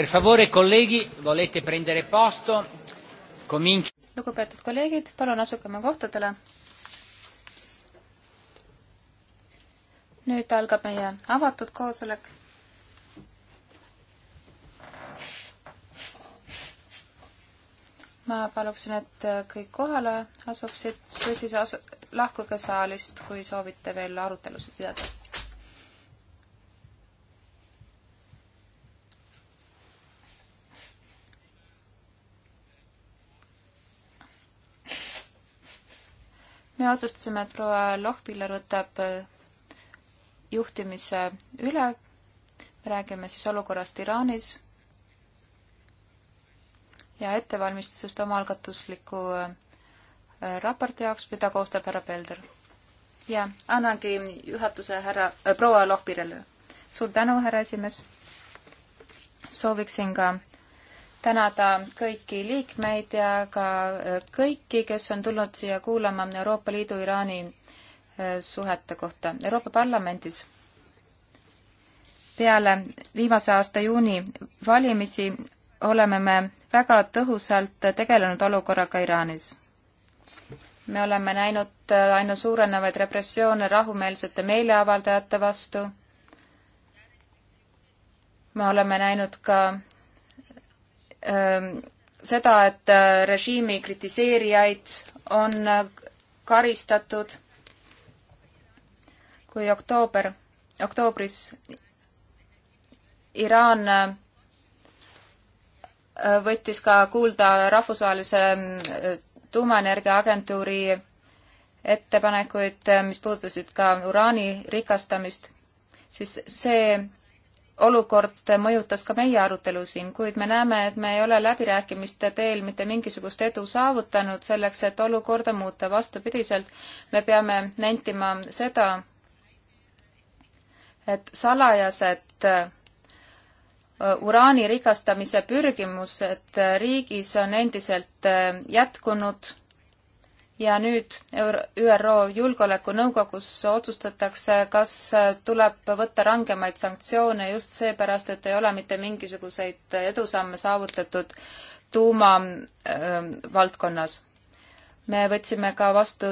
Per favore, kolleegi, volete prendere posto? Cominci... lugupeetud kolleegid, palun asuge oma kohtadele. nüüd algab meie avatud koosolek. ma paluksin, et kõik kohale asuksid või siis asu-, lahkuge saalist, kui soovite veel arutelusid pidada me otsustasime, et proua Lohpiller võtab äh, juhtimise üle. me räägime siis olukorrast Iraanis ja ettevalmistusest omaalgatusliku äh, raporti jaoks, mida koostab härra Pelder. ja annangi juhatuse härra äh,, proua Lohpirile. suur tänu, härra esimees. sooviksin ka tänada kõiki liikmeid ja ka äh, kõiki, kes on tulnud siia kuulama Euroopa Liidu-Iraani äh, suhete kohta Euroopa Parlamendis. peale viimase aasta juuni valimisi oleme me väga tõhusalt tegelenud olukorraga Iraanis. me oleme näinud äh, aina suurenevaid repressioone rahumeelsete meeleavaldajate vastu. me oleme näinud ka Ähm, seda, et äh, režiimi kritiseerijaid on äh, karistatud, kui oktoober, oktoobris Iraan äh, võttis ka kuulda rahvusvahelise tuumaenergiaagentuuri ettepanekuid, mis puudutasid ka uraani rikastamist, siis see olukord mõjutas ka meie arutelu siin, kuid me näeme, et me ei ole läbirääkimiste teel mitte mingisugust edu saavutanud selleks, et olukorda muuta. vastupidiselt, me peame nentima seda, et salajased äh, uraani rikastamise pürgimused riigis on endiselt äh, jätkunud ja nüüd ÜRO Julgeolekunõukogus otsustatakse, kas tuleb võtta rangemaid sanktsioone just seepärast, et ei ole mitte mingisuguseid edusamme saavutatud tuumavaldkonnas ähm, äh,. me võtsime ka vastu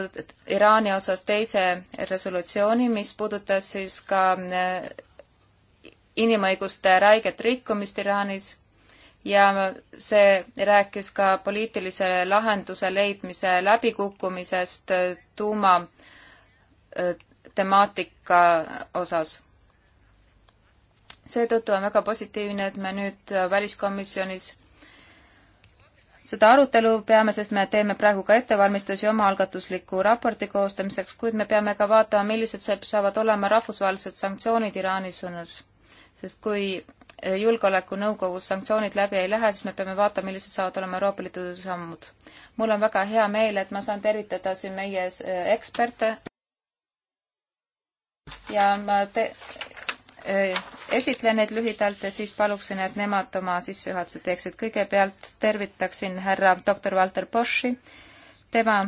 Iraani osas teise resolutsiooni, mis puudutas siis ka äh, inimõiguste räiget rikkumist Iraanis ja see rääkis ka poliitilise lahenduse leidmise läbikukkumisest äh, tuuma äh, temaatika osas. seetõttu on väga positiivne, et me nüüd äh, väliskomisjonis seda arutelu peame, sest me teeme praegu ka ettevalmistusi omaalgatusliku raporti koostamiseks, kuid me peame ka vaatama, millised saavad olema rahvusvahelised sanktsioonid Iraani suunas. sest kui Julgeolekunõukogus sanktsioonid läbi ei lähe, siis me peame vaatama, millised saavad olema Euroopa Liidu sammud. mul on väga hea meel, et ma saan tervitada siin meie eh, eksperte ja ma te-, eh, esitlen neid lühidalt ja siis paluksin, et nemad oma sissejuhatuse teeksid. kõigepealt tervitaksin härra doktor Walter Boschi, tema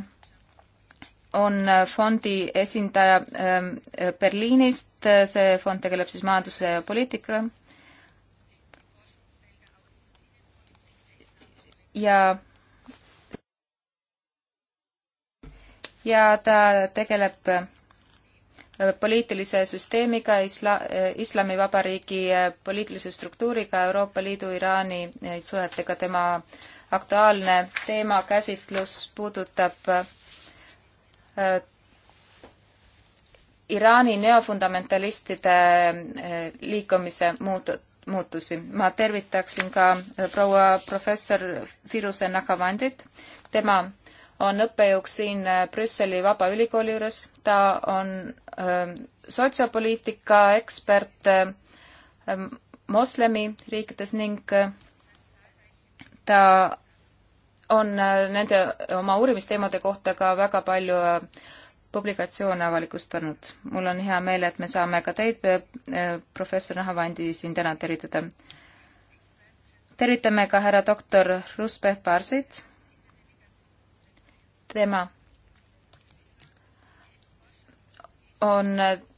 on fondi esindaja eh, Berliinist, see fond tegeleb siis majanduse ja poliitikaga ja ja ta tegeleb äh, poliitilise süsteemiga, isla-, äh, Islamivabariigi äh, poliitilise struktuuriga, Euroopa Liidu, Iraani suhetega, tema aktuaalne teemakäsitlus puudutab äh, Iraani neofundamentalistide äh, liikumise muutut-, muutusi. ma tervitaksin ka äh, proua professor Firuse Nahavandit, tema on õppejõuks siin äh, Brüsseli Vabaülikooli juures, ta on äh, sotsiopoliitika ekspert äh, moslemi riikides ning äh, ta on äh, nende oma uurimisteemade kohta ka väga palju publikatsioone avalikustanud. mul on hea meel, et me saame ka teid, eh, professor Nahavandi, siin täna tervitada. tervitame ka härra doktor Ruspe Parsit. tema on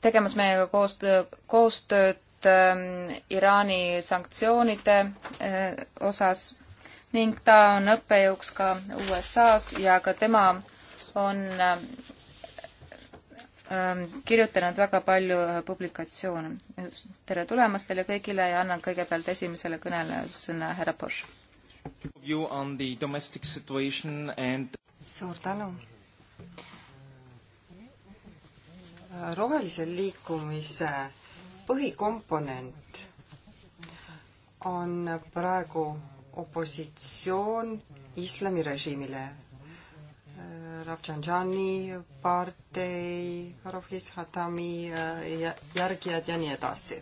tegemas meiega koostöö, koostööd eh, Iraani sanktsioonide eh, osas ning ta on õppejõuks ka USA-s ja ka tema on Ähm, kirjutanud väga palju äh, publikatsioone. tere tulemast teile kõigile ja annan kõigepealt esimesele kõnele sõna härra Bosch. suur tänu. rohelise liikumise põhikomponent on praegu opositsioon islamirežiimile Rafsanjani partei, Rofis Hatami järgijad ja nii edasi.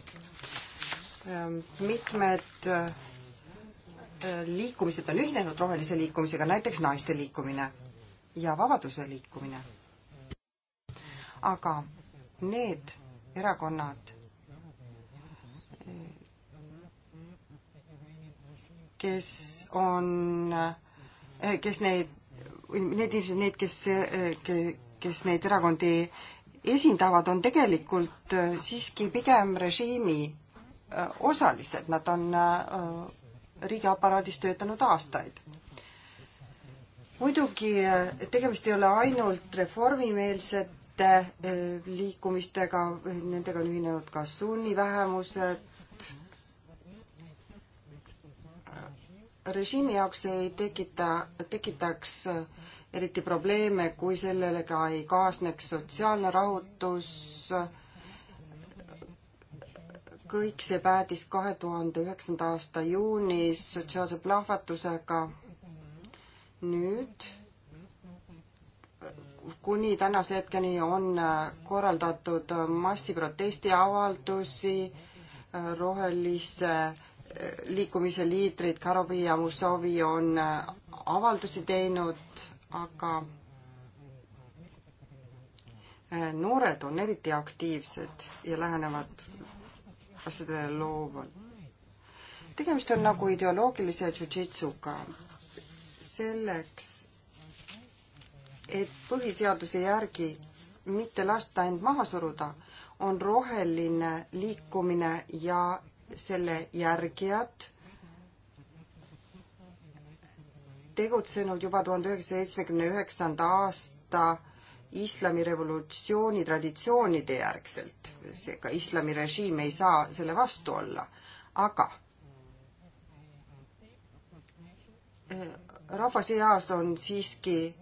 Ehm, mitmed eh, liikumised on ühinenud rohelise liikumisega, näiteks naiste liikumine ja vabaduse liikumine. aga need erakonnad, eh, kes on, eh, kes neid või need inimesed, need, kes, kes neid erakondi esindavad, on tegelikult äh, siiski pigem režiimi äh, osalised, nad on äh, riigiaparaadis töötanud aastaid. muidugi tegemist ei ole ainult reformimeelsete liikumistega, nendega on ühinenud ka sunnivähemused, režiimi jaoks ei tekita, tekitaks eriti probleeme, kui sellele ka ei kaasneks sotsiaalne rahutus. kõik see päädis kahe tuhande üheksanda aasta juunis sotsiaalse plahvatusega. nüüd kuni tänase hetkeni on korraldatud massiprotestiavaldusi rohelise liikumise liidrid Karovi ja Musovi on äh, avaldusi teinud, aga äh, noored on eriti aktiivsed ja lähenevad asjadele loovalt. tegemist on nagu ideoloogilise jujitsuga. selleks, et põhiseaduse järgi mitte lasta end maha suruda, on roheline liikumine ja selle järgijad tegutsenud juba tuhande üheksasaja seitsmekümne üheksanda aasta islamirevolutsiooni traditsioonide järgselt. seega islamirežiim ei saa selle vastu olla, aga eh, rahva seas on siiski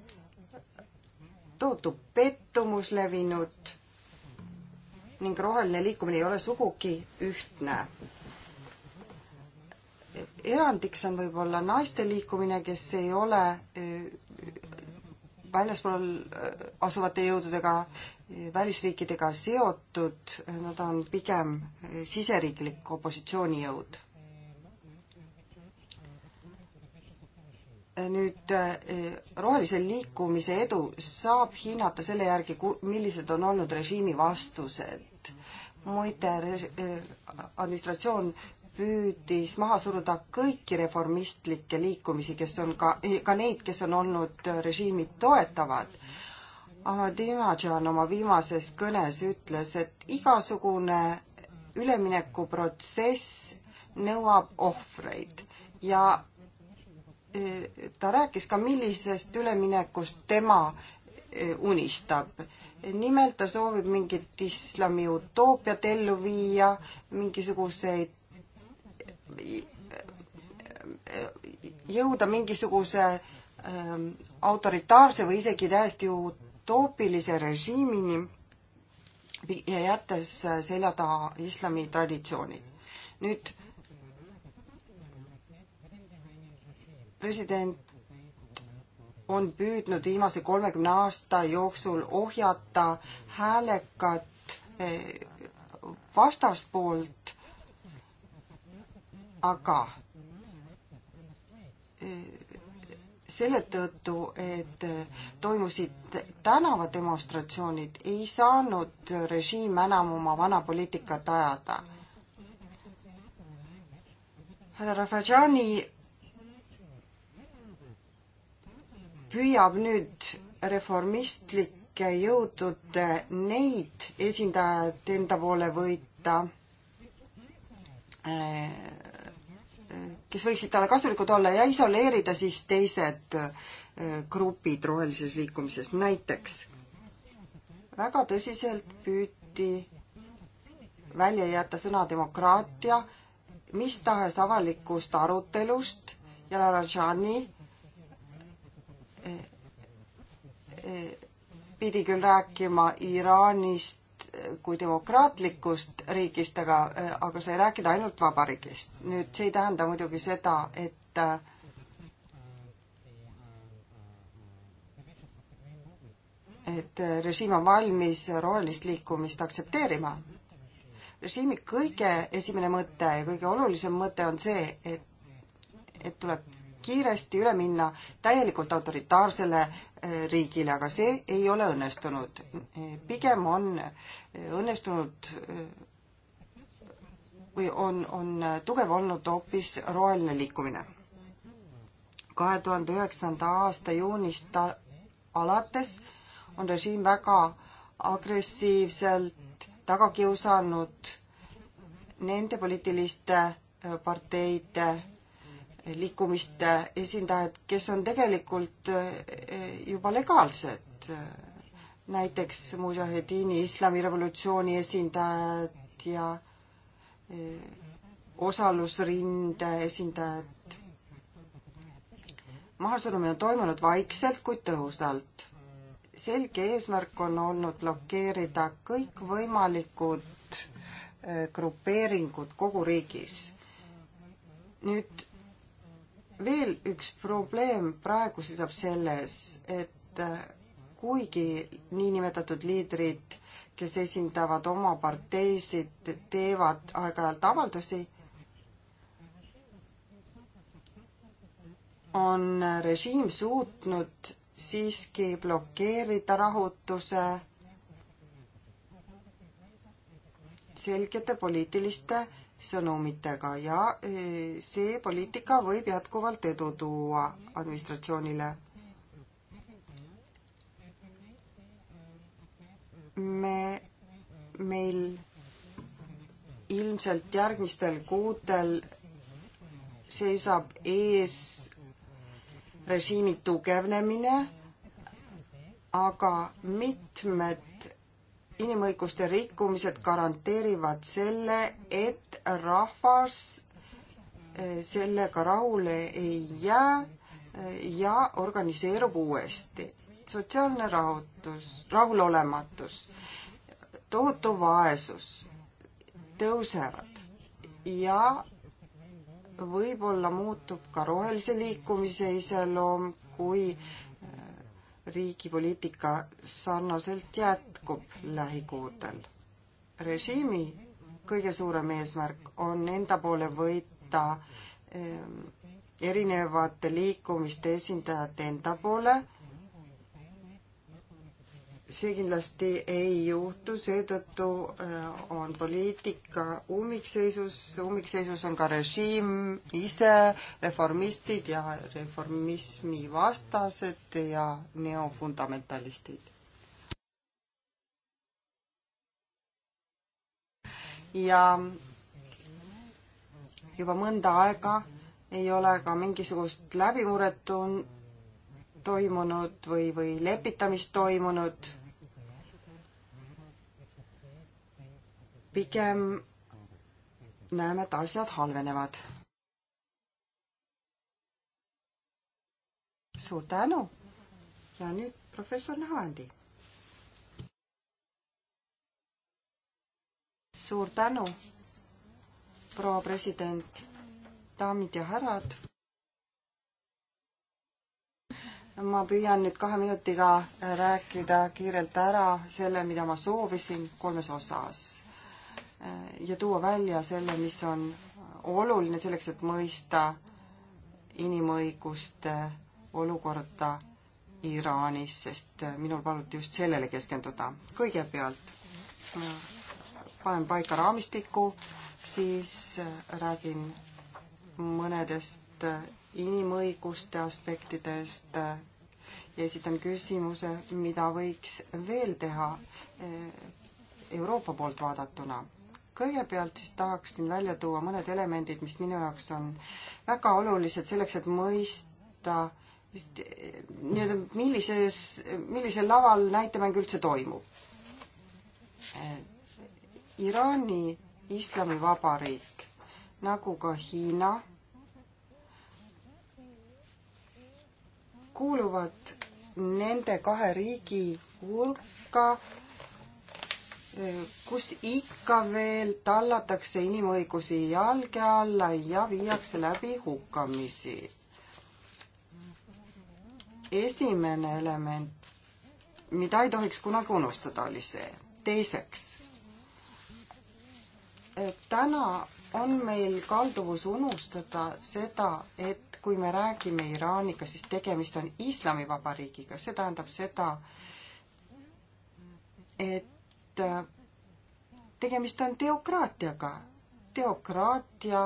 tohutu pettumus levinud ning roheline liikumine ei ole sugugi ühtne erandiks on võib-olla naiste liikumine, kes ei ole eh, väljaspool eh, asuvate jõududega, eh, välisriikidega seotud, nad on pigem siseriiklik opositsioonijõud. nüüd rohelise liikumise edu saab hinnata selle järgi, millised on olnud režiimi vastused muide administratsioon püüdis maha suruda kõiki reformistlikke liikumisi, kes on ka, ka neid, kes on olnud režiimi toetavad. Ahmadinejad oma viimases kõnes ütles, et igasugune üleminekuprotsess nõuab ohvreid ja e, ta rääkis ka, millisest üleminekust tema e, unistab. nimelt ta soovib mingit islami utoopiat ellu viia, mingisuguseid jõuda mingisuguse ähm, autoritaarse või isegi täiesti utoopilise režiimini ja jättes selja taha islami traditsioonid. nüüd president on püüdnud viimase kolmekümne aasta jooksul ohjata häälekat eh, vastaspoolt aga eh, selle tõttu, et eh, toimusid tänavademonstratsioonid, ei saanud režiim enam oma vana poliitikat ajada. härra Rafajani püüab nüüd reformistlike jõudude neid esindajaid enda poole võita eh, kes võiksid talle kasulikud olla ja isoleerida siis teised äh, grupid rohelises liikumises. näiteks väga tõsiselt püüti välja jätta sõna demokraatia mis tahes avalikust arutelust ja La Rajani äh, äh, pidi küll rääkima Iraanist kui demokraatlikust riigist, aga, aga sai rääkida ainult vabariigist. nüüd see ei tähenda muidugi seda, et et režiim on valmis rohelist liikumist aktsepteerima. režiimi kõige esimene mõte ja kõige olulisem mõte on see, et, et tuleb kiiresti üle minna täielikult autoritaarsele riigile, aga see ei ole õnnestunud. pigem on õnnestunud või on, on tugev olnud hoopis roheline liikumine. kahe tuhande üheksanda aasta juunist alates on režiim väga agressiivselt taga kiusanud nende poliitiliste parteide liikumiste esindajad, kes on tegelikult eh, juba legaalsed. näiteks Mujahedini islamirevolutsiooni esindajad ja eh, osalusrinde esindajad. mahasurumine on toimunud vaikselt, kuid tõhusalt. selge eesmärk on olnud blokeerida kõikvõimalikud eh, grupeeringud kogu riigis. nüüd veel üks probleem praegu seisab selles, et äh, kuigi niinimetatud liidrid, kes esindavad oma parteisid, teevad aeg-ajalt avaldusi, on äh, režiim suutnud siiski blokeerida rahutuse selgete poliitiliste sõnumitega ja e, see poliitika võib jätkuvalt edu tuua administratsioonile. me, meil ilmselt järgmistel kuudel seisab ees režiimi tugevnemine, aga mitmed inimõiguste rikkumised garanteerivad selle, et rahvas eh, sellega rahule ei jää eh, ja organiseerub uuesti. sotsiaalne rahutus, rahulolematus, tohutu vaesus tõusevad ja võib-olla muutub ka rohelise liikumise iseloom, kui riigipoliitika sarnaselt jätkub lähikuudel. režiimi kõige suurem eesmärk on enda poole võita ehm, erinevate liikumiste esindajate enda poole see kindlasti ei juhtu, seetõttu äh, on poliitika ummikseisus, ummikseisus on ka režiim ise, reformistid ja reformismi vastased ja neofundamentalistid. ja juba mõnda aega ei ole ka mingisugust läbimurret tun-, toimunud või, või lepitamist toimunud. pigem näeme, et asjad halvenevad. suur tänu ja nüüd professor Nahandi. suur tänu, proua president, daamid ja härrad ma püüan nüüd kahe minutiga rääkida kiirelt ära selle, mida ma soovisin kolmes osas ja tuua välja selle, mis on oluline selleks, et mõista inimõiguste olukorda Iraanis, sest minul paluti just sellele keskenduda. kõigepealt panen paika raamistiku, siis räägin mõnedest Äh, inimõiguste aspektidest ja äh, esitan küsimuse, mida võiks veel teha äh, Euroopa poolt vaadatuna. kõigepealt siis tahaksin välja tuua mõned elemendid, mis minu jaoks on väga olulised selleks, et mõista nii-öelda millises, millisel laval näitemäng üldse toimub. Iraani islamivabariik nagu ka Hiina kuuluvad nende kahe riigi hulka, kus ikka veel tallatakse inimõigusi jalge alla ja viiakse läbi hukkamisi. esimene element, mida ei tohiks kunagi unustada, oli see. teiseks, täna on meil kalduvus unustada seda, et et kui me räägime Iraaniga, siis tegemist on islamivabariigiga, see tähendab seda, et äh, tegemist on teokraatiaga. teokraatia,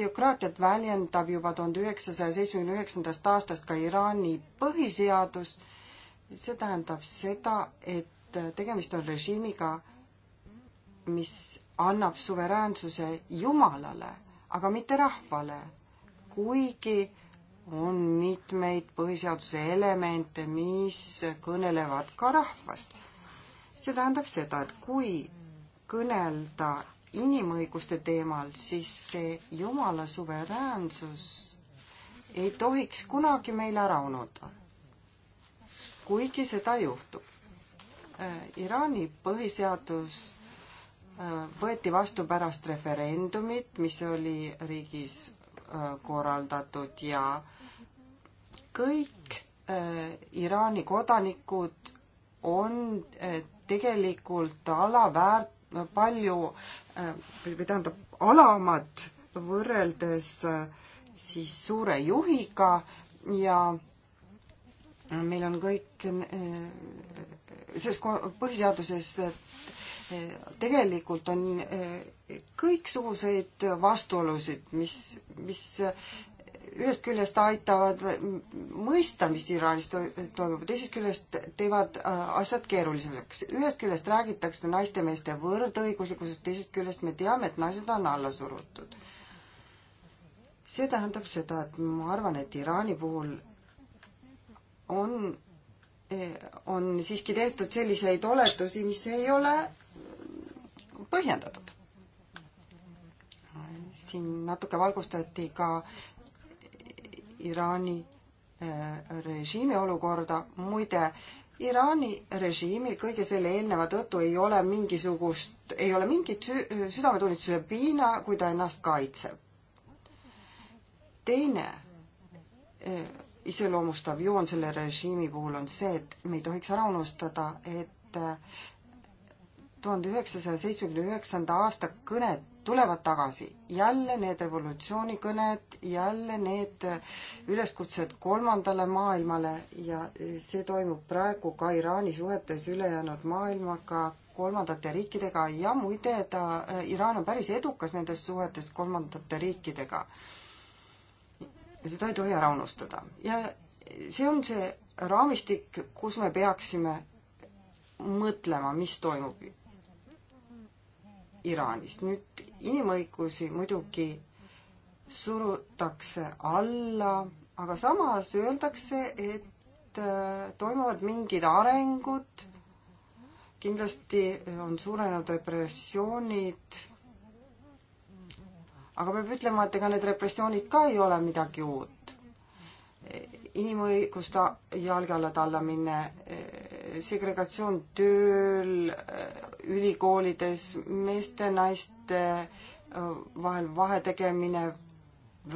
teokraatiat väljendab juba tuhande üheksasaja seitsmekümne üheksandast aastast ka Iraani põhiseadus. see tähendab seda, et äh, tegemist on režiimiga, mis annab suveräänsuse Jumalale, aga mitte rahvale kuigi on mitmeid põhiseaduse elemente, mis kõnelevad ka rahvast. see tähendab seda, et kui kõnelda inimõiguste teemal, siis see Jumala suveräänsus ei tohiks kunagi meil ära unuda. kuigi seda juhtub. Äh, Iraani põhiseadus äh, võeti vastu pärast referendumit, mis oli riigis Äh, korraldatud ja kõik äh, Iraani kodanikud on äh, tegelikult alaväärt, palju või tähendab, alamad võrreldes siis suure juhiga ja meil on kõik, selles põhiseaduses tegelikult on eh, kõiksuguseid vastuolusid, mis, mis eh, ühest küljest aitavad mõista, mis Iraanis toimub, teisest küljest teevad eh, asjad keerulisemaks. ühest küljest räägitakse naiste ja meeste võrdõiguslikkusest, teisest küljest me teame, et naised on alla surutud. see tähendab seda, et ma arvan, et Iraani puhul on, on siiski tehtud selliseid oletusi, mis ei ole põhjendatud. siin natuke valgustati ka Iraani äh, režiimi olukorda, muide Iraani režiimil kõige selle eelneva tõttu ei ole mingisugust, ei ole mingit südametunnistuse piina, kui ta ennast kaitseb. teine äh, iseloomustav joon selle režiimi puhul on see, et me ei tohiks ära unustada, et äh, tuhande üheksasaja seitsmekümne üheksanda aasta kõned tulevad tagasi. jälle need revolutsioonikõned, jälle need üleskutsed kolmandale maailmale ja see toimub praegu ka Iraani suhetes ülejäänud maailmaga, kolmandate riikidega ja muide ta, Iraan on päris edukas nendes suhetes kolmandate riikidega. seda ei tohi ära unustada ja see on see raamistik, kus me peaksime mõtlema, mis toimub Iraanis. nüüd inimõigusi muidugi surutakse alla, aga samas öeldakse, et äh, toimuvad mingid arengud, kindlasti on suurenenud repressioonid, aga peab ütlema, et ega need repressioonid ka ei ole midagi uut inimõiguste jalge alla tallamine, segregatsioon tööl, ülikoolides, meeste-naiste vahel vahetegemine,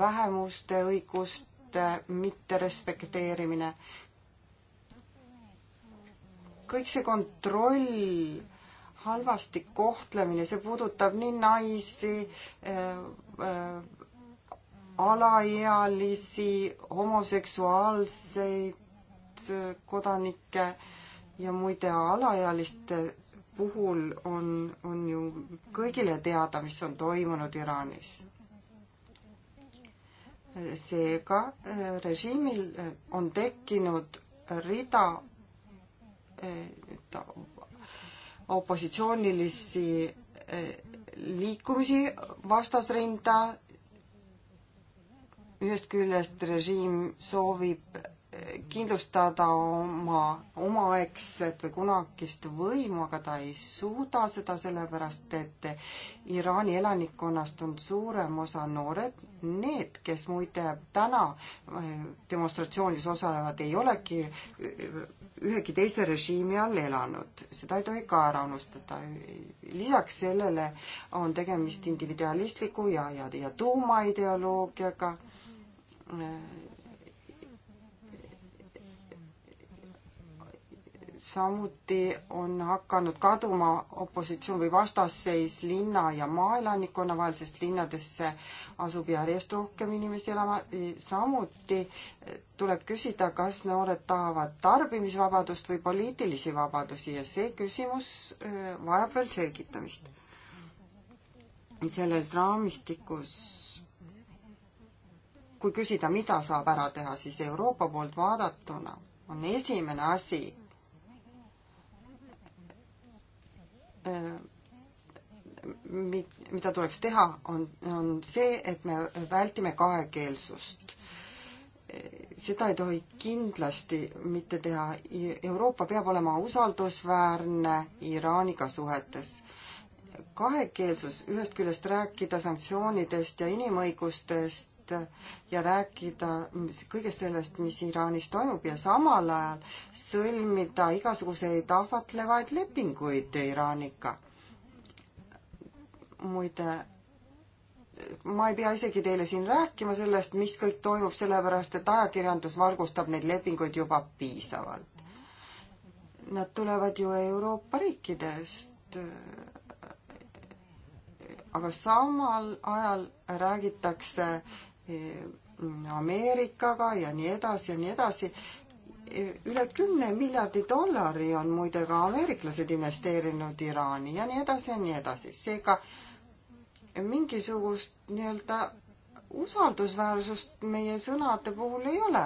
vähemuste õiguste mitterespekteerimine. kõik see kontroll, halvasti kohtlemine, see puudutab nii naisi, alaealisi, homoseksuaalseid kodanikke ja muide, alaealiste puhul on, on ju kõigile teada, mis on toimunud Iraanis seega eh, režiimil eh, on tekkinud rida eh, opositsioonilisi liikumisi vastasrinda ühest küljest režiim soovib eh, kindlustada oma omaaegset või kunagist võimu, aga ta ei suuda seda sellepärast, et Iraani elanikkonnast on suurem osa noored. Need, kes muide täna eh, demonstratsioonis osalevad, ei olegi eh, ühegi teise režiimi all elanud, seda ei tohi ka ära unustada. lisaks sellele on tegemist individualistliku ja, ja, ja tuumaideoloogiaga samuti on hakanud kaduma opositsioon või vastasseis linna ja maaelanikkonna vahel, sest linnadesse asub järjest rohkem inimesi elama. samuti tuleb küsida, kas noored tahavad tarbimisvabadust või poliitilisi vabadusi ja see küsimus äh, vajab veel selgitamist. selles raamistikus kui küsida, mida saab ära teha, siis Euroopa poolt vaadatuna on esimene asi mida tuleks teha, on, on see, et me vältime kahekeelsust. seda ei tohi kindlasti mitte teha. Euroopa peab olema usaldusväärne Iraaniga suhetes kahekeelsus, ühest küljest rääkida sanktsioonidest ja inimõigustest, Iraanit ja rääkida kõigest sellest, mis Iraanis toimub ja samal ajal sõlmida igasuguseid ahvatlevaid lepinguid Iraaniga. muide, ma ei pea isegi teile siin rääkima sellest, mis kõik toimub, sellepärast et ajakirjandus valgustab neid lepinguid juba piisavalt. Nad tulevad ju Euroopa riikidest aga samal ajal räägitakse Eh, Ameerikaga ja nii edasi ja nii edasi. Eh, üle kümne miljardi dollari on muide ka ameeriklased investeerinud Iraani ja nii edasi ja nii edasi. seega mingisugust nii-öelda usaldusväärsust meie sõnade puhul ei ole.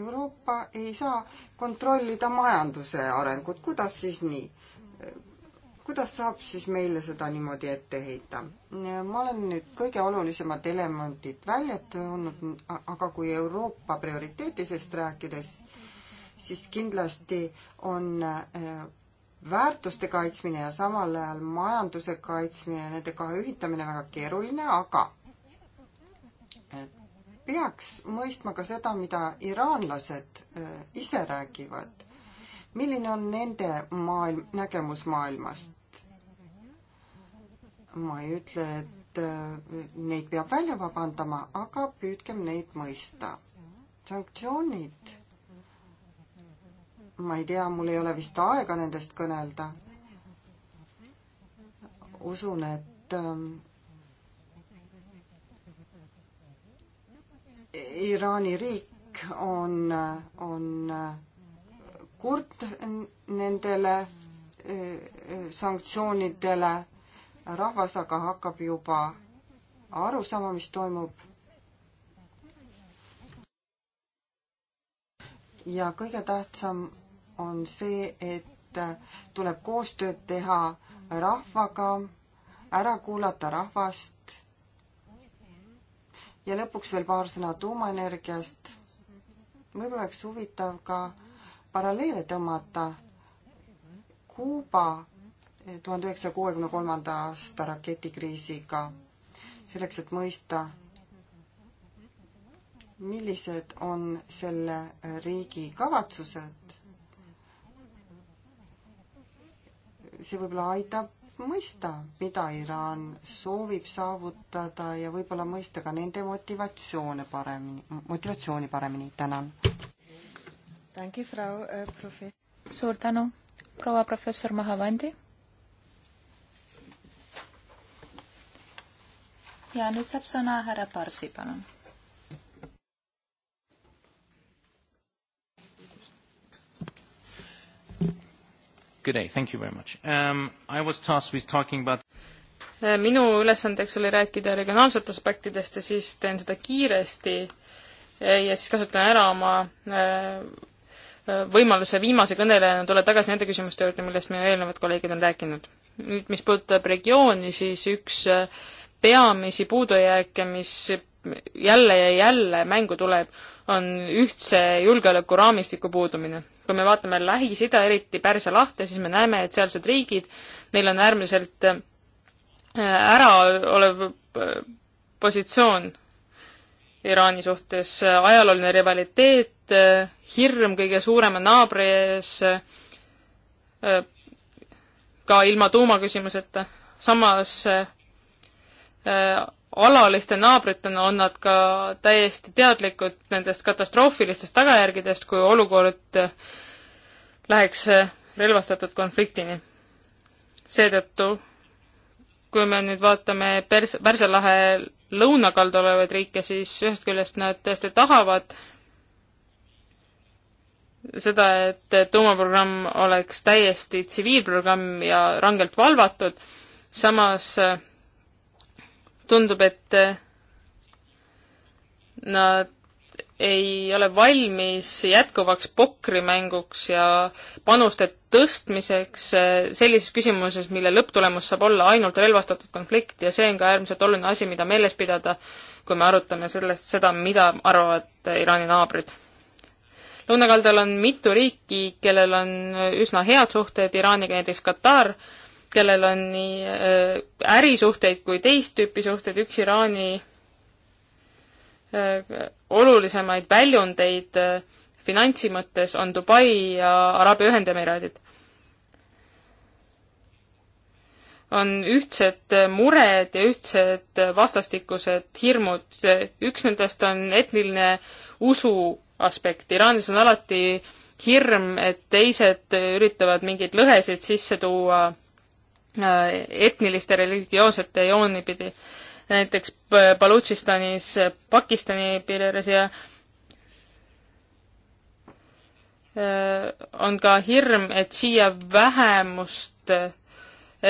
Euroopa ei saa kontrollida majanduse arengut, kuidas siis nii? kuidas saab siis meile seda niimoodi ette heita? ma olen nüüd kõige olulisemad elemendid välja toonud, aga kui Euroopa prioriteetidest rääkides, siis kindlasti on äh, väärtuste kaitsmine ja samal ajal majanduse kaitsmine, nende kahe ühitamine väga keeruline, aga äh, peaks mõistma ka seda, mida iraanlased äh, ise räägivad milline on nende maailm, nägemus maailmast? ma ei ütle, et äh, neid peab välja vabandama, aga püüdkem neid mõista. sanktsioonid ma ei tea, mul ei ole vist aega nendest kõnelda. usun, et ähm, Iraani riik on, on äh, kurt nendele e, e, sanktsioonidele, rahvas aga hakkab juba aru saama, mis toimub ja kõige tähtsam on see, et tuleb koostööd teha rahvaga, ära kuulata rahvast. ja lõpuks veel paar sõna tuumaenergiast. võib-olla oleks huvitav ka paralleele tõmmata Kuuba tuhande üheksasaja kuuekümne kolmanda aasta raketikriisiga, selleks et mõista, millised on selle riigi kavatsused. see võib-olla aitab mõista, mida Iraan soovib saavutada ja võib-olla mõista ka nende motivatsioone paremini, motivatsiooni paremini. tänan! Uh, suur tänu, proua professor Mahavandi. ja nüüd saab sõna härra Parsi, palun. Good day, thank you very much um,. I was tasked with talking about äh, minu ülesandeks oli rääkida regionaalset aspektidest ja siis teen seda kiiresti äh, ja siis kasutan ära oma äh, võimaluse viimase kõnelejana tulla tagasi nende küsimuste juurde, millest meie eelnevad kolleegid on rääkinud. nüüd, mis puudutab regiooni, siis üks äh, peamisi puudujääke, mis jälle ja jälle mängu tuleb, on ühtse julgeolekuraamistiku puudumine. kui me vaatame Lähis-Ida, eriti Pärsia lahte, siis me näeme, et sealsed riigid, neil on äärmiselt äh, äraolev äh, positsioon Iraani suhtes, ajalooline rivaliteet, et eh, hirm kõige suurema naabri ees eh, ka ilma tuumaküsimuseta, samas eh, alaliste naabritena on nad ka täiesti teadlikud nendest katastroofilistest tagajärgedest, kui olukord läheks relvastatud konfliktini. seetõttu, kui me nüüd vaatame Pers-, Pärsia lahe lõunakalda olevaid riike, siis ühest küljest nad tõesti tahavad seda, et tuumaprogramm oleks täiesti tsiviilprogramm ja rangelt valvatud, samas äh, tundub, et äh, nad ei ole valmis jätkuvaks pokrimänguks ja panuste tõstmiseks äh, sellises küsimuses, mille lõpptulemus saab olla ainult relvastatud konflikt ja see on ka äärmiselt oluline asi, mida meeles pidada, kui me arutame sellest, seda, mida arvavad Iraani naabrid lõunakaldal on mitu riiki, kellel on üsna head suhted Iraaniga, näiteks Katar, kellel on nii äh, ärisuhteid kui teist tüüpi suhteid, üks Iraani äh, olulisemaid väljundeid äh, finantsi mõttes on Dubai ja Araabia Ühendemiraadid. on ühtsed mured ja ühtsed vastastikused hirmud, üks nendest on etniline usu aspekt. Iraanis on alati hirm, et teised üritavad mingeid lõhesid sisse tuua äh, etniliste religioossete jooni pidi. näiteks Balutšistanis Pakistani piires ja äh, on ka hirm, et siia vähemust,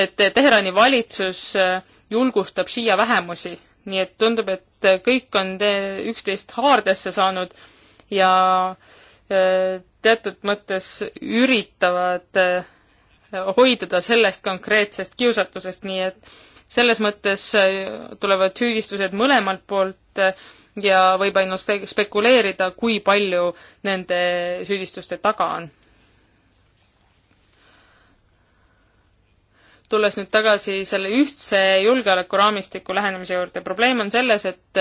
et Teherani valitsus äh, julgustab siia vähemusi, nii et tundub, et kõik on üksteist haardesse saanud ja teatud mõttes üritavad äh, hoiduda sellest konkreetsest kiusatusest, nii et selles mõttes äh, tulevad süüdistused mõlemalt poolt äh, ja võib ainult spekuleerida, kui palju nende süüdistuste taga on. tulles nüüd tagasi selle ühtse julgeolekuraamistiku lähenemise juurde, probleem on selles, et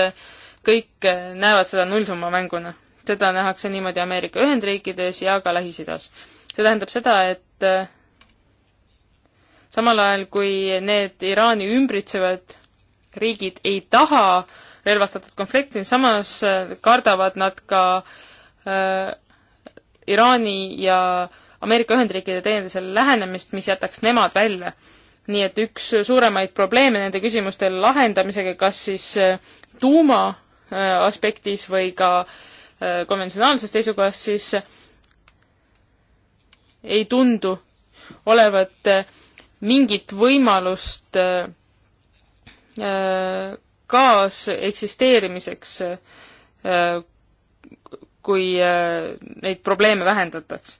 kõik näevad seda nullsummamänguna seda nähakse niimoodi Ameerika Ühendriikides ja ka Lähis-Idas. see tähendab seda, et äh, samal ajal, kui need Iraani ümbritsevad riigid ei taha relvastatud konflikti, samas äh, kardavad nad ka äh, Iraani ja Ameerika Ühendriikide teineteisele lähenemist, mis jätaks nemad välja. nii et üks suuremaid probleeme nende küsimuste lahendamisega, kas siis äh, tuuma äh, aspektis või ka äh, Äh, konventsionaalsest seisukohast, siis äh, ei tundu olevat äh, mingit võimalust kaaseksisteerimiseks, kui neid probleeme vähendataks.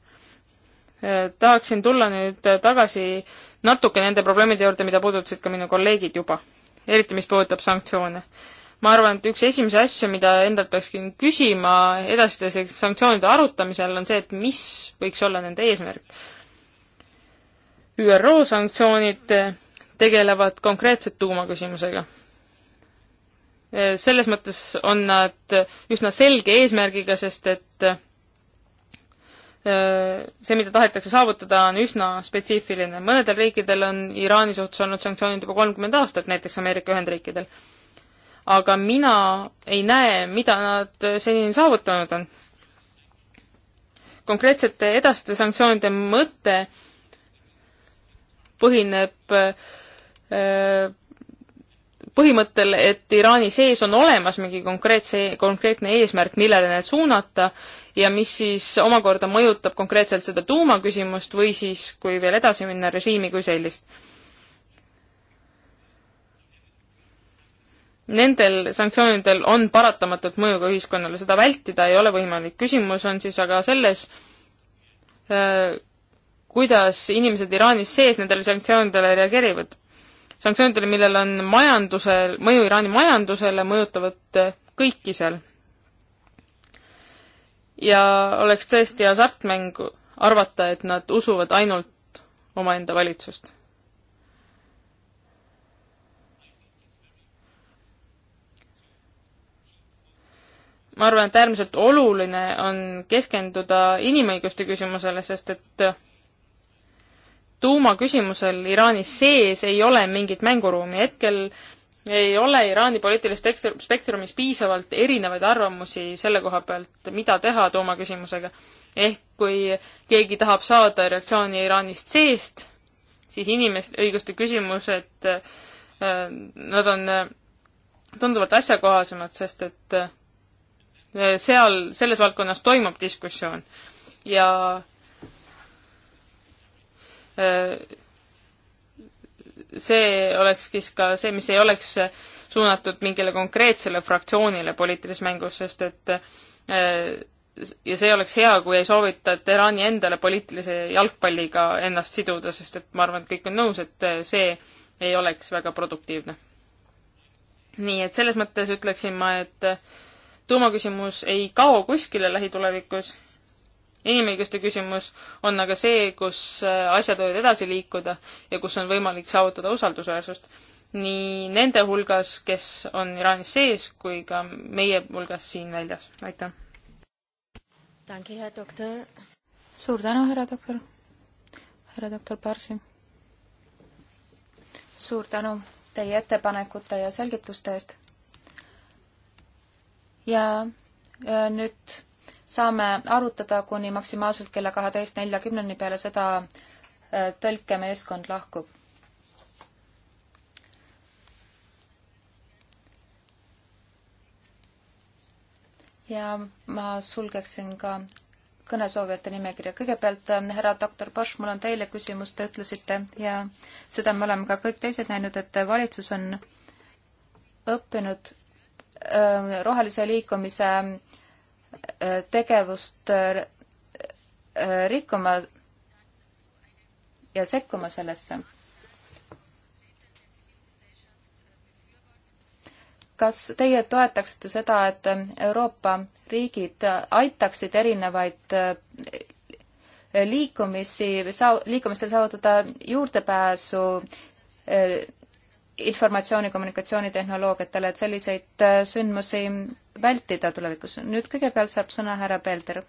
tahaksin tulla nüüd tagasi natuke nende probleemide juurde, mida puudutasid ka minu kolleegid juba, eriti mis puudutab sanktsioone ma arvan, et üks esimesi asju, mida endalt peaks küsima edasiste sanktsioonide arutamisel, on see, et mis võiks olla nende eesmärk. ÜRO sanktsioonid tegelevad konkreetselt tuumaküsimusega. selles mõttes on nad üsna selge eesmärgiga, sest et see, mida tahetakse saavutada, on üsna spetsiifiline. mõnedel riikidel on Iraani suhtes olnud sanktsioonid juba kolmkümmend aastat, näiteks Ameerika Ühendriikidel aga mina ei näe, mida nad senini saavutanud on. konkreetsete edaste sanktsioonide mõte põhineb äh, põhimõttel, et Iraani sees on olemas mingi konkreetse, konkreetne eesmärk, millele need suunata ja mis siis omakorda mõjutab konkreetselt seda tuumaküsimust või siis, kui veel edasi minna, režiimi kui sellist nendel sanktsioonidel on paratamatult mõju ka ühiskonnale, seda vältida ei ole võimalik. küsimus on siis aga selles, äh, kuidas inimesed Iraanis sees nendele sanktsioonidele reageerivad. sanktsioonidele, millel on majandusel, mõju Iraani majandusele, mõjutavad äh, kõiki seal. ja oleks tõesti hasartmäng arvata, et nad usuvad ainult omaenda valitsust ma arvan, et äärmiselt oluline on keskenduda inimõiguste küsimusele, sest et tuumaküsimusel Iraani sees ei ole mingit mänguruumi. hetkel ei ole Iraani poliitilises spektrumis piisavalt erinevaid arvamusi selle koha pealt, mida teha tuumaküsimusega. ehk kui keegi tahab saada reaktsiooni Iraanist seest, siis inimeste õiguste küsimused, äh, nad on äh, tunduvalt asjakohasemad, sest et äh, seal, selles valdkonnas toimub diskussioon ja äh, see olekski siis ka see, mis ei oleks suunatud mingile konkreetsele fraktsioonile poliitilises mängus, sest et äh, ja see oleks hea, kui ei soovita Tehran'i endale poliitilise jalgpalliga ennast siduda, sest et ma arvan, et kõik on nõus, et äh, see ei oleks väga produktiivne. nii et selles mõttes ütleksin ma, et tuumaküsimus ei kao kuskile lähitulevikus. inimõiguste küsimus on aga see, kus äh, asjad võivad edasi liikuda ja kus on võimalik saavutada usaldusväärsust nii nende hulgas, kes on Iraanis sees, kui ka meie hulgas siin väljas. aitäh! suur tänu, härra doktor, härra doktor Parsi. suur tänu teie ettepanekute ja selgituste eest ja äh, nüüd saame arutada kuni maksimaalselt kella kaheteist neljakümneni peale seda äh, tõlkemeeskond lahkub. ja ma sulgeksin ka kõnesoovijate nimekirja. kõigepealt, äh, härra doktor Bosch, mul on teile küsimus, te ütlesite ja seda me oleme ka kõik teised näinud, et valitsus on õppinud Ähm, rohelise liikumise äh, tegevust äh, äh, rikkuma ja sekkuma sellesse. kas teie toetaksite seda, et Euroopa riigid aitaksid erinevaid liikumisi, liikumistel saavutada juurdepääsu informatsiooni- ja kommunikatsioonitehnoloogiatele, et selliseid äh, sündmusi vältida tulevikus. nüüd kõigepealt saab sõna härra Pelder.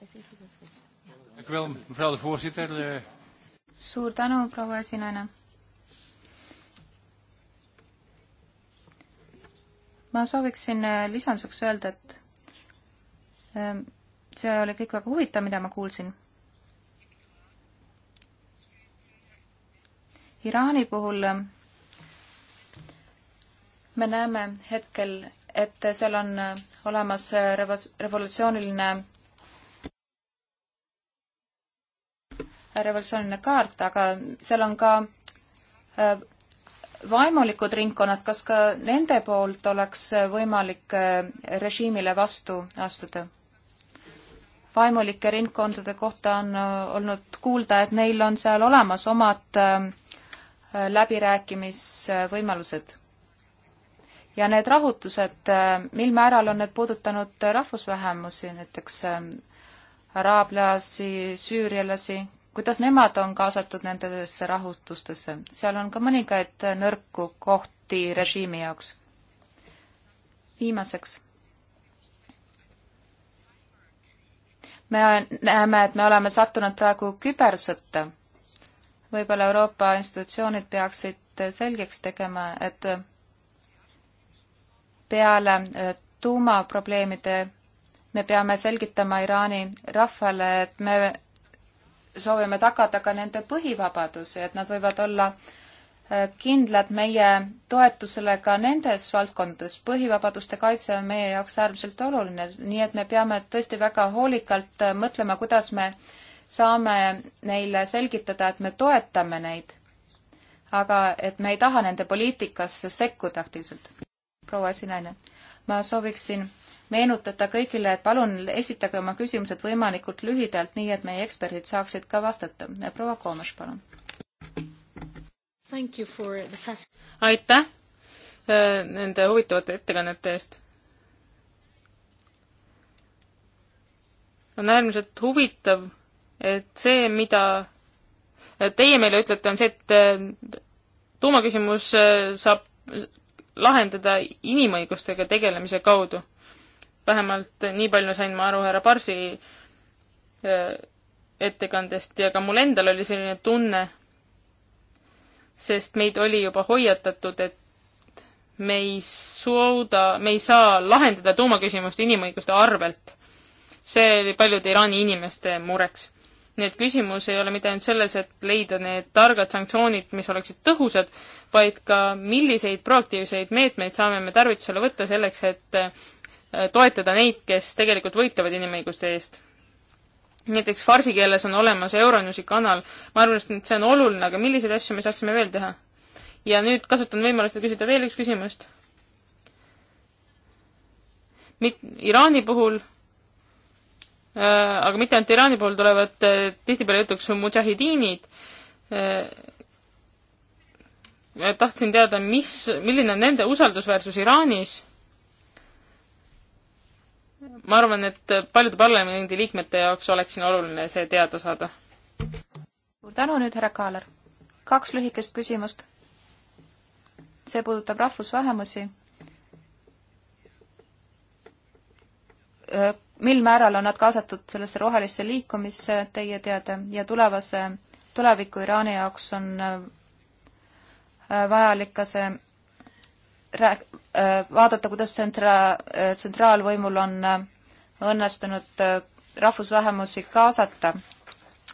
Eh, suur tänu, proua esinaine. ma sooviksin äh, lisanduseks öelda, et ähm, see oli kõik väga huvitav, mida ma kuulsin Iraani puhul me näeme hetkel, et seal on olemas revolutsiooniline revolutsiooniline kaart, aga seal on ka äh, vaimulikud ringkonnad, kas ka nende poolt oleks võimalik äh, režiimile vastu astuda? vaimulike ringkondade kohta on äh, olnud kuulda, et neil on seal olemas omad läbirääkimisvõimalused. ja need rahutused, mil määral on need puudutanud rahvusvähemusi, näiteks äh, araablasi, süürialasi, kuidas nemad on kaasatud nendesse rahutustesse, seal on ka mõningaid nõrku kohti režiimi jaoks. viimaseks. me näeme, et me oleme sattunud praegu kübersõtta võib-olla Euroopa institutsioonid peaksid selgeks tegema, et peale äh, tuumaprobleemide me peame selgitama Iraani rahvale, et me soovime tagada ka nende põhivabadusi, et nad võivad olla äh, kindlad meie toetusele ka nendes valdkondades. põhivabaduste kaitse on meie jaoks äärmiselt oluline, nii et me peame tõesti väga hoolikalt äh, mõtlema, kuidas me äh, saame neile selgitada, et me toetame neid, aga et me ei taha nende poliitikasse sekkuda aktiivselt. proua esinaine, ma sooviksin meenutada kõigile, et palun esitage oma küsimused võimalikult lühidalt, nii et meie eksperdid saaksid ka vastata. proua Koomas, palun. aitäh äh, nende huvitavate ettekannete eest. on äärmiselt huvitav et see, mida teie meile ütlete, on see, et äh, tuumaküsimus äh, saab lahendada inimõigustega tegelemise kaudu. vähemalt nii palju sain ma aru härra Barsi äh, ettekandest ja ka mul endal oli selline tunne, sest meid oli juba hoiatatud, et me ei suuda, me ei saa lahendada tuumaküsimust inimõiguste arvelt. see oli paljude Iraani inimeste mureks nii et küsimus ei ole mitte ainult selles, et leida need targad sanktsioonid, mis oleksid tõhusad, vaid ka milliseid proaktiivseid meetmeid saame me tarvitusele võtta selleks, et äh, toetada neid, kes tegelikult võitlevad inimõiguste eest. näiteks farsi keeles on olemas Euronewsi kanal, ma arvan, et see on oluline, aga milliseid asju me saaksime veel teha? ja nüüd kasutan võimalust ja küsida veel üks küsimust. Mit-, Iraani puhul Äh, aga mitte ainult Iraani pool tulevad äh, tihtipeale jutuks mudžahidiinid. Äh, tahtsin teada, mis, milline on nende usaldusväärsus Iraanis. ma arvan, et paljude parlamendiliikmete jaoks oleks siin oluline see teada saada. suur tänu nüüd, härra Kaaler. kaks lühikest küsimust. see puudutab rahvusvähemusi mil määral on nad kaasatud sellesse rohelisse liikumisse teie teada ja tulevase, tuleviku Iraani jaoks on äh, vajalik ka see rääk-, äh, vaadata, kuidas tsentra-, äh, tsentraalvõimul on õnnestunud rahvusvähemusi kaasata.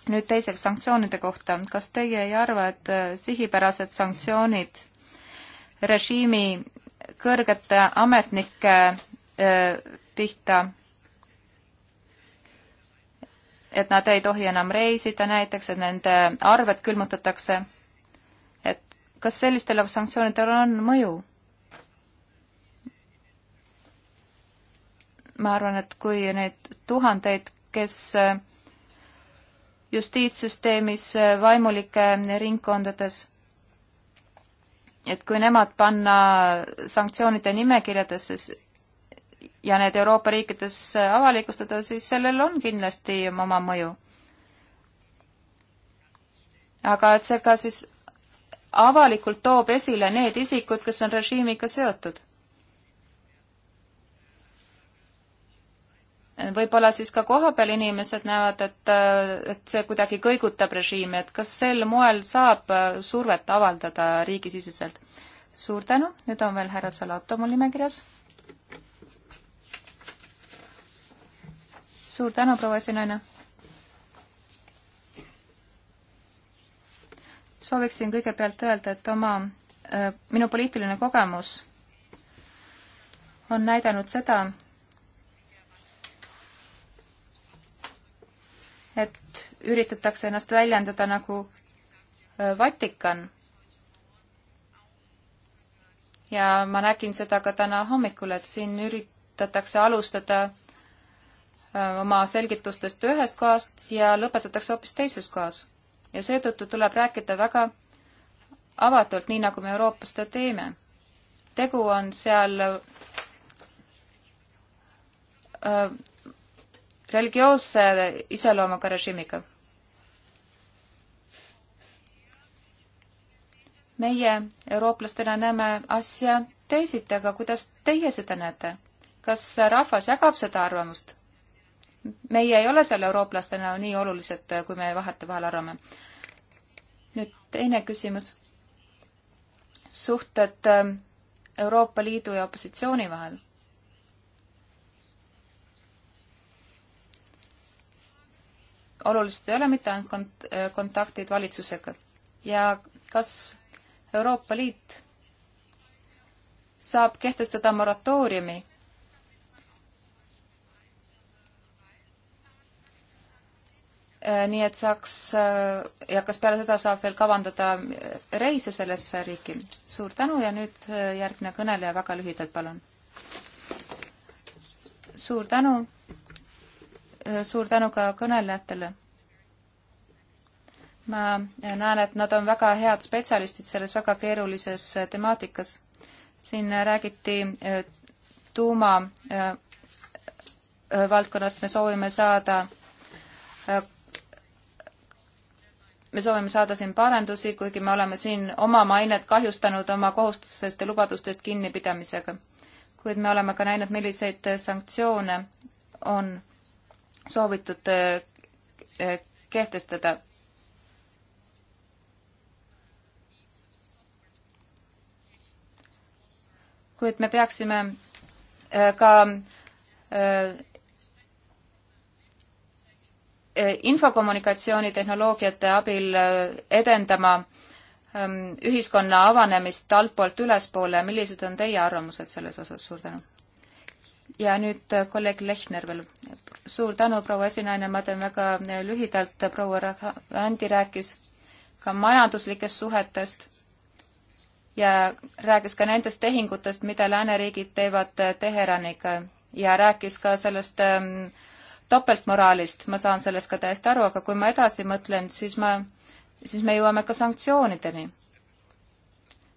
nüüd teiseks sanktsioonide kohta. kas teie ei arva, et sihipärased sanktsioonid režiimi kõrgete ametnike pihta et nad ei tohi enam reisida näiteks, et nende arved külmutatakse. et kas sellistel sanktsioonidel on mõju? ma arvan, et kui neid tuhandeid, kes äh, justiitssüsteemis äh, vaimulike ringkondades, et kui nemad panna sanktsioonide nimekirjadesse, ja need Euroopa riikides äh, avalikustada, siis sellel on kindlasti oma mõju. aga et see ka siis avalikult toob esile need isikud, kes on režiimiga seotud. võib-olla siis ka kohapeal inimesed näevad, et, äh, et see kuidagi kõigutab režiimi, et kas sel moel saab äh, survet avaldada riigisiseselt. suur tänu, nüüd on veel härra Salato mul nimekirjas suur tänu, proua esinaine. sooviksin kõigepealt öelda, et oma, äh, minu poliitiline kogemus on näidanud seda, et üritatakse ennast väljendada nagu äh, Vatikan. ja ma nägin seda ka täna hommikul, et siin üritatakse alustada Äh, oma selgitustest ühest kohast ja lõpetatakse hoopis teises kohas. ja seetõttu tuleb rääkida väga avatult, nii nagu me Euroopas seda teeme. tegu on seal äh, religioosse iseloomuga režiimiga. meie eurooplastena näeme asja teisiti, aga kuidas teie seda näete? kas rahvas jagab seda arvamust? meie ei ole seal eurooplastena nii olulised, kui me vahetevahel arvame. nüüd teine küsimus. suhted ähm, Euroopa Liidu ja opositsiooni vahel. olulised ei ole mitte ainult kont-, äh, kontaktid valitsusega ja kas Euroopa Liit saab kehtestada moratooriumi Äh, nii et saaks äh, ja kas peale seda saab veel kavandada äh, reise sellesse riiki? suur tänu ja nüüd järgmine kõneleja väga lühidalt, palun. suur tänu, suur tänu ka kõnelejatele. ma näen, et nad on väga head spetsialistid selles väga keerulises temaatikas. siin räägiti tuuma valdkonnast, me soovime saada me soovime saada siin parendusi, kuigi me oleme siin oma mainet kahjustanud oma kohustustest ja lubadustest kinnipidamisega. kuid me oleme ka näinud, milliseid sanktsioone on soovitud eh, kehtestada. kuid me peaksime eh, ka eh, Eh, infokommunikatsioonitehnoloogiate abil eh, edendama ehm, ühiskonna avanemist altpoolt ülespoole, millised on teie arvamused selles osas, suur tänu! ja nüüd eh, kolleeg Lehner veel. suur tänu, proua esinaine, ma teen väga lühidalt, proua Andi rääkis ka majanduslikest suhetest ja rääkis ka nendest tehingutest, mida lääneriigid teevad Teheraniga ja rääkis ka sellest ähm, topeltmoraalist, ma saan sellest ka täiesti aru, aga kui ma edasi mõtlen, siis ma, siis me jõuame ka sanktsioonideni.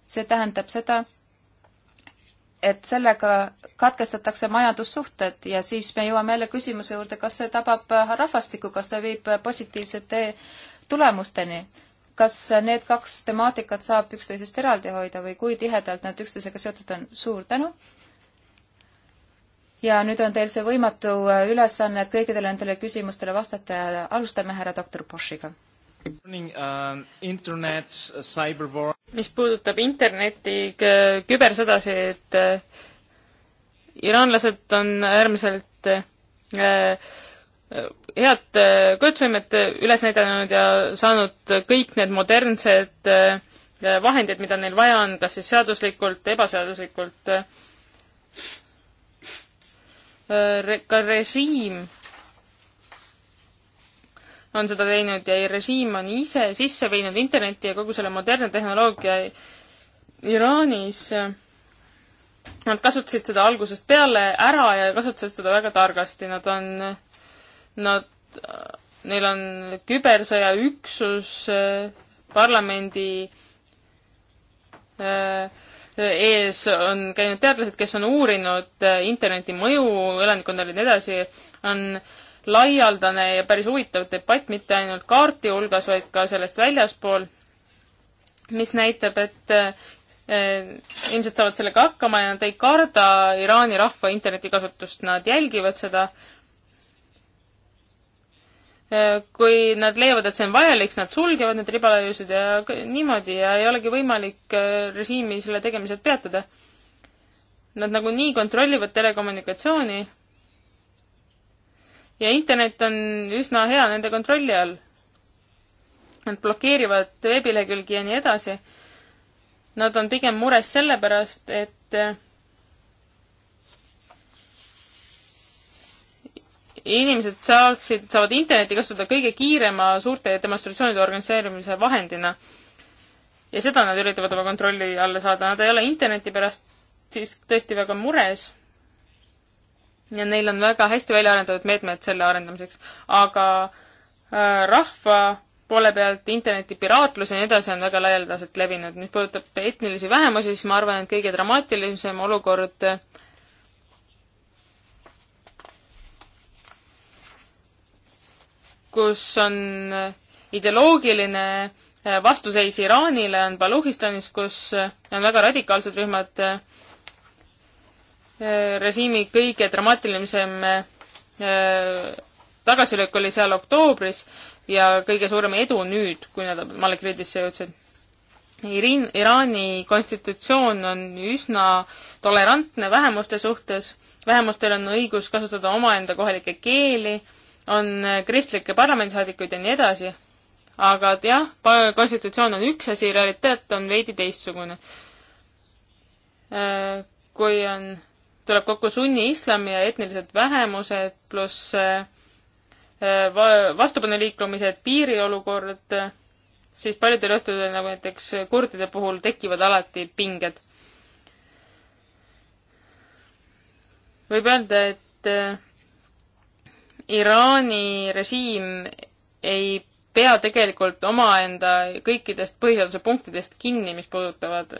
see tähendab seda, et sellega katkestatakse majandussuhted ja siis me jõuame jälle küsimuse juurde, kas see tabab rahvastikku, kas see viib positiivsete tulemusteni. kas need kaks temaatikat saab üksteisest eraldi hoida või kui tihedalt nad üksteisega seotud on? suur tänu! ja nüüd on teil see võimatu äh, ülesanne, et kõikidele nendele küsimustele vastata ja alustame härra doktor Boschiga. Äh, äh, mis puudutab interneti kübersõdasid, iraanlased on äärmiselt head kujutusvõimet üles näidanud ja saanud kõik need modernsed vahendid, mida neil vaja on, kas siis seaduslikult, ebaseaduslikult Äh, ka režiim on seda teinud ja režiim on ise sisse viinud internetti ja kogu selle modernne tehnoloogia Iraanis. Nad kasutasid seda algusest peale ära ja kasutasid seda väga targasti, nad on, nad, neil on kübersõja üksus äh, parlamendi äh, ees on käinud teadlased, kes on uurinud äh, interneti mõju elanikkonnale ja nii edasi, on laialdane ja päris huvitav debatt mitte ainult kaarti hulgas, vaid ka sellest väljaspool, mis näitab, et äh, ilmselt saavad sellega hakkama ja nad ei karda Iraani rahva internetikasutust, nad jälgivad seda kui nad leiavad, et see on vajalik, siis nad sulgevad need ribalaiused ja niimoodi ja ei olegi võimalik äh, režiimi selle tegemised peatada. Nad nagunii kontrollivad telekommunikatsiooni ja internet on üsna hea nende kontrolli all. Nad blokeerivad veebilehekülgi ja nii edasi. Nad on pigem mures selle pärast, et äh, inimesed saaksid, saavad Internetti kasutada kõige kiirema suurte demonstratsioonide organiseerimise vahendina. ja seda nad üritavad oma kontrolli alla saada, nad ei ole Interneti pärast siis tõesti väga mures. ja neil on väga hästi välja arendatud meetmed selle arendamiseks, aga äh, rahva poole pealt interneti piraatlus ja nii edasi on väga laialdaselt levinud. mis puudutab etnilisi vähemusi, siis ma arvan, et kõige dramaatilisem olukord äh, kus on äh, ideoloogiline äh, vastuseis Iraanile, on Baluhistanis, kus äh, on väga radikaalsed rühmad, režiimi kõige dramaatilisem tagasilöök oli seal oktoobris ja kõige suurem edu nüüd, kui nad Malekridisse jõudsid. Iriin, Iraani konstitutsioon on üsna tolerantne vähemuste suhtes, vähemustel on õigus kasutada omaenda kohalikke keeli, on kristlikke parlamendisaadikuid ja nii edasi. aga jah, konstitutsioon on üks asi, realiteet on veidi teistsugune. Äh, kui on, tuleb kokku sunni-islam ja etnilised vähemused pluss äh, äh, vastupanuliikumised, piiriolukord, siis paljudel juhtudel, nagu näiteks kurdide puhul, tekivad alati pinged. võib öelda, et Iraani režiim ei pea tegelikult omaenda kõikidest põhiseaduse punktidest kinni, mis puudutavad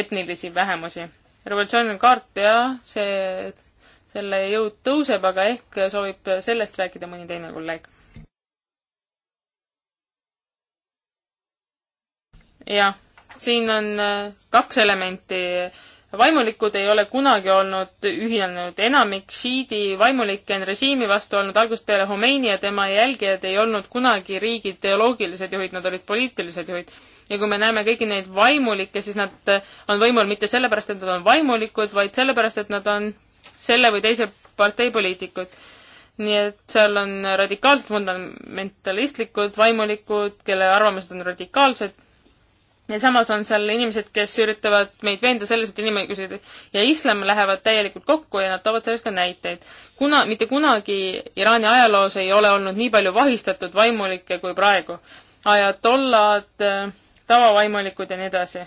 etnilisi vähemusi. revolutsiooniline kaart, jah, see, selle jõud tõuseb, aga ehk soovib sellest rääkida mõni teine kolleeg. jah, siin on äh, kaks elementi vaimulikud ei ole kunagi olnud ühinenud, enamik šiidi vaimulikke on režiimi vastu olnud algusest peale Homeini ja tema jälgijad ei olnud kunagi riigi teoloogilised juhid, nad olid poliitilised juhid. ja kui me näeme kõiki neid vaimulikke, siis nad on võimul mitte sellepärast, et nad on vaimulikud, vaid sellepärast, et nad on selle või teise partei poliitikud. nii et seal on radikaalselt fundamentalistlikud vaimulikud, kelle arvamused on radikaalsed ja samas on seal inimesed, kes üritavad meid veenda selles, et inimõigused ja islam lähevad täielikult kokku ja nad toovad sellest ka näiteid. kuna, mitte kunagi Iraani ajaloos ei ole olnud nii palju vahistatud vaimulikke kui praegu. ajatollad, äh, tavavaimalikud ja nii edasi.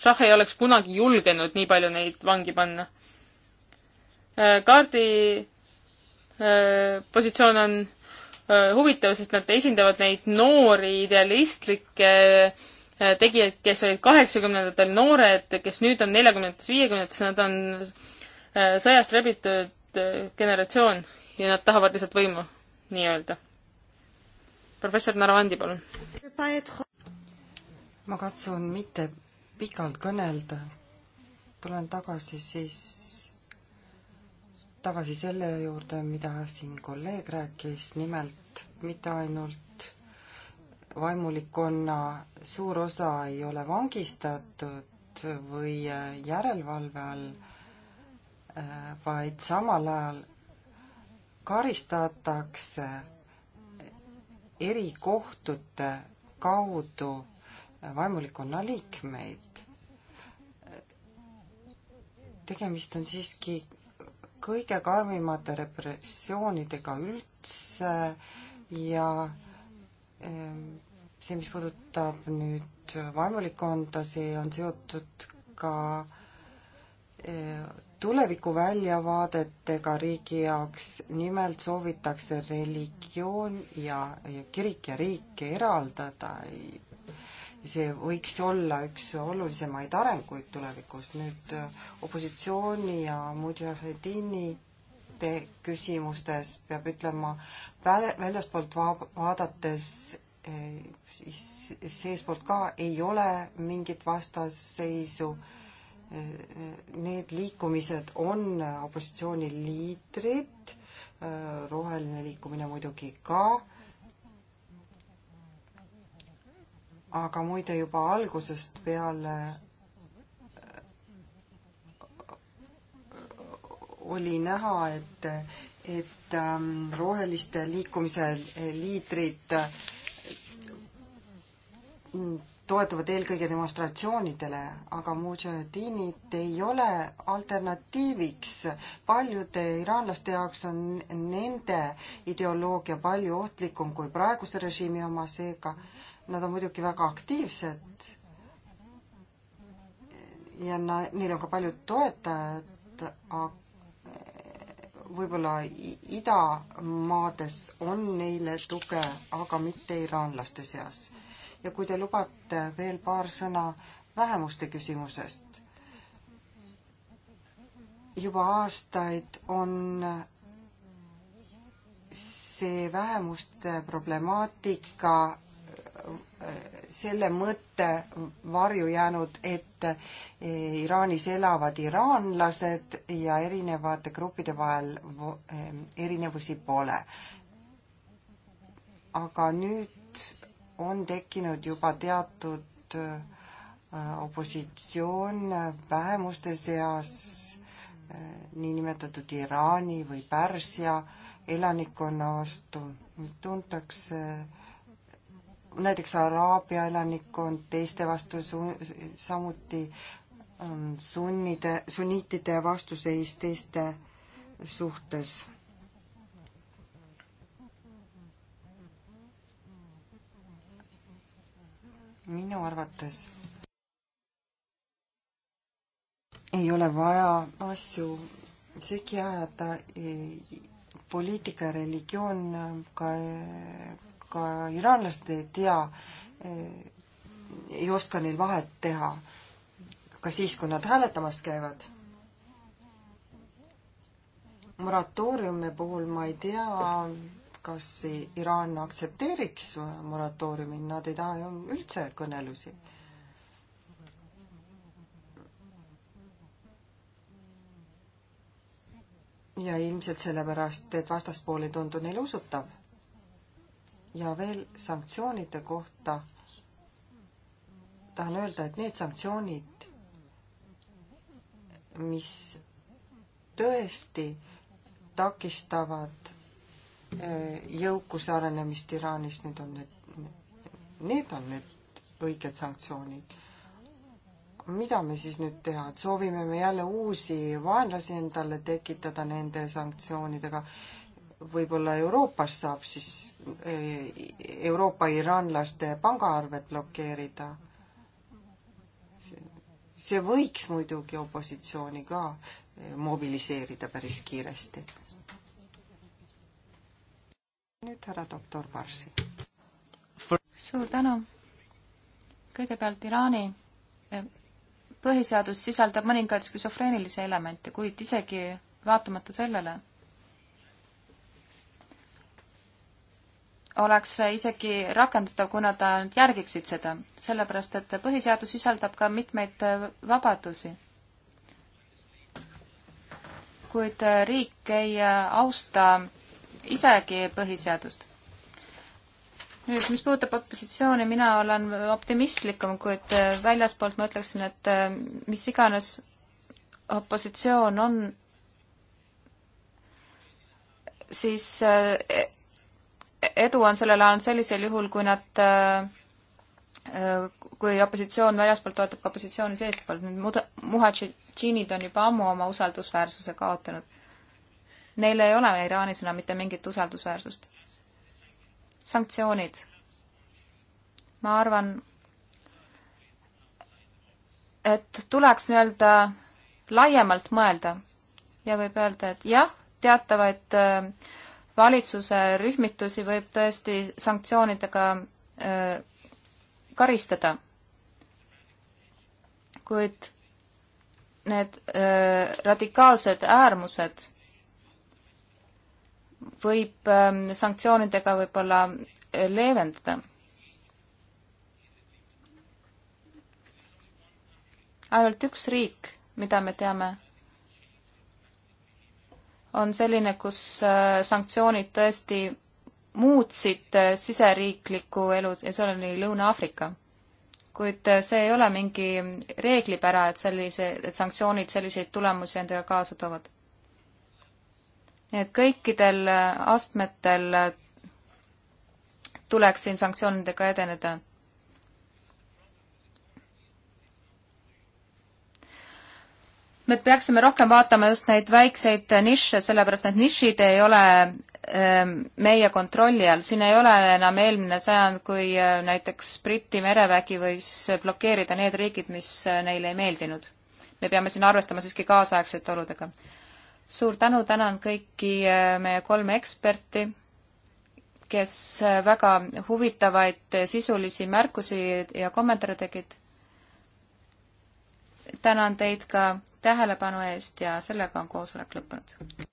Šah ei oleks kunagi julgenud nii palju neid vangi panna. Äh, kaardi äh, positsioon on huvitav, sest nad esindavad neid noori idealistlikke Äh, tegijad, kes olid kaheksakümnendatel noored, kes nüüd on neljakümnendates, viiekümnendates, nad on äh, sõjast rebitud äh, generatsioon ja nad tahavad lihtsalt võimu, nii-öelda. professor Narvandi, palun. ma katsun mitte pikalt kõnelda. tulen tagasi siis, tagasi selle juurde, mida siin kolleeg rääkis, nimelt mitte ainult vaimulikkonna suur osa ei ole vangistatud või järelevalve all, vaid samal ajal karistatakse erikohtute kaudu vaimulikkonna liikmeid. tegemist on siiski kõige karmimate repressioonidega üldse ja äh, Ehm, see, mis puudutab nüüd vaimulikkonda, see on seotud ka eh, tuleviku väljavaadetega riigi jaoks, nimelt soovitakse religioon ja, ja kirik ja riik eraldada. see võiks olla üks olulisemaid arenguid tulevikus. nüüd eh, opositsiooni ja mudžahedini rände küsimustes, peab ütlema, väljastpoolt vaadates eh, siis seespoolt ka ei ole mingit vastasseisu. Eh, eh, need liikumised on opositsiooni liidrid, roheline liikumine muidugi ka. aga muide juba algusest peale oli näha, et, et ähm, roheliste liikumise liidrid mm, toetuvad eelkõige demonstratsioonidele, aga mujahedinid ei ole alternatiiviks. paljude iraanlaste jaoks on nende ideoloogia palju ohtlikum kui praeguse režiimi oma, seega nad on muidugi väga aktiivsed ja na-, neil on ka paljud toetajad, aga võib-olla idamaades on neile tuge, aga mitte iraanlaste seas. ja kui te lubate veel paar sõna vähemuste küsimusest. juba aastaid on see vähemuste problemaatika selle mõtte varju jäänud, et eh, Iraanis elavad iraanlased ja erinevate gruppide vahel eh, erinevusi pole. aga nüüd on tekkinud juba teatud eh, opositsioon vähemuste seas, niinimetatud Iraani või Pärsia elanikkonna vastu. tuntakse äh, näiteks Araabia elanikkond, teiste vastu su-, samuti ähm, sunnide, sunniitide vastuseis teiste suhtes. minu arvates ei ole vaja asju segi ajada, poliitika ja religioon ka ka iraanlased ei tea, ei oska neil vahet teha ka siis, kui nad hääletamas käivad. moratooriumi puhul ma ei tea, kas Iraan aktsepteeriks moratooriumi, nad ei taha ju üldse kõnelusi. ja ilmselt sellepärast, et vastaspool ei tundu neile usutav ja veel sanktsioonide kohta tahan öelda, et need sanktsioonid, mis tõesti takistavad äh, jõukuse arenemist Iraanis, need on need, need on need õiged sanktsioonid. mida me siis nüüd teha, et soovime me jälle uusi vaenlasi endale tekitada nende sanktsioonidega võib-olla Euroopas saab siis eh, Euroopa iraanlaste pangaarved blokeerida. see võiks muidugi opositsiooni ka eh, mobiliseerida päris kiiresti. nüüd härra doktor Barsi. suur tänu. kõigepealt Iraani eh, põhiseadus sisaldab mõningaid skisofreenilisi elemente, kuid isegi vaatamata sellele oleks isegi rakendatav, kui nad järgiksid seda, sellepärast et põhiseadus sisaldab ka mitmeid vabadusi. kuid riik ei austa isegi põhiseadust. nüüd, mis puudutab opositsiooni, mina olen optimistlikum, kuid väljaspoolt ma ütleksin, et mis iganes opositsioon on, siis edu on sellele ainult sellisel juhul, kui nad, äh, kui opositsioon väljaspoolt toetab ka opositsiooni seestpoolt, nüüd muhatšiinid on juba ammu oma usaldusväärsuse kaotanud. Neil ei ole Iraanis enam mitte mingit usaldusväärsust. sanktsioonid. ma arvan, et tuleks nii-öelda laiemalt mõelda ja võib öelda, et jah, teatavaid äh, valitsuse rühmitusi võib tõesti sanktsioonidega karistada. kuid need öö, radikaalsed äärmused võib öö, sanktsioonidega võib-olla leevendada. ainult üks riik, mida me teame on selline, kus äh, sanktsioonid tõesti muutsid äh, siseriiklikku elu ja see oli Lõuna-Aafrika. kuid äh, see ei ole mingi reeglipära, et sellise, et sanktsioonid selliseid tulemusi endaga kaasa toovad. nii et kõikidel astmetel tuleks siin sanktsioonidega edeneda me peaksime rohkem vaatama just neid väikseid nišše, sellepärast need nišid ei ole ähm, meie kontrolli all, siin ei ole enam eelmine sajand, kui äh, näiteks Briti merevägi võis blokeerida need riigid, mis äh, neile ei meeldinud. me peame siin arvestama siiski kaasaegsete oludega. suur tänu, tänan kõiki äh, meie kolme eksperti, kes väga huvitavaid sisulisi märkusi ja kommentaare tegid tänan teid ka tähelepanu eest ja sellega on koosolek lõppenud.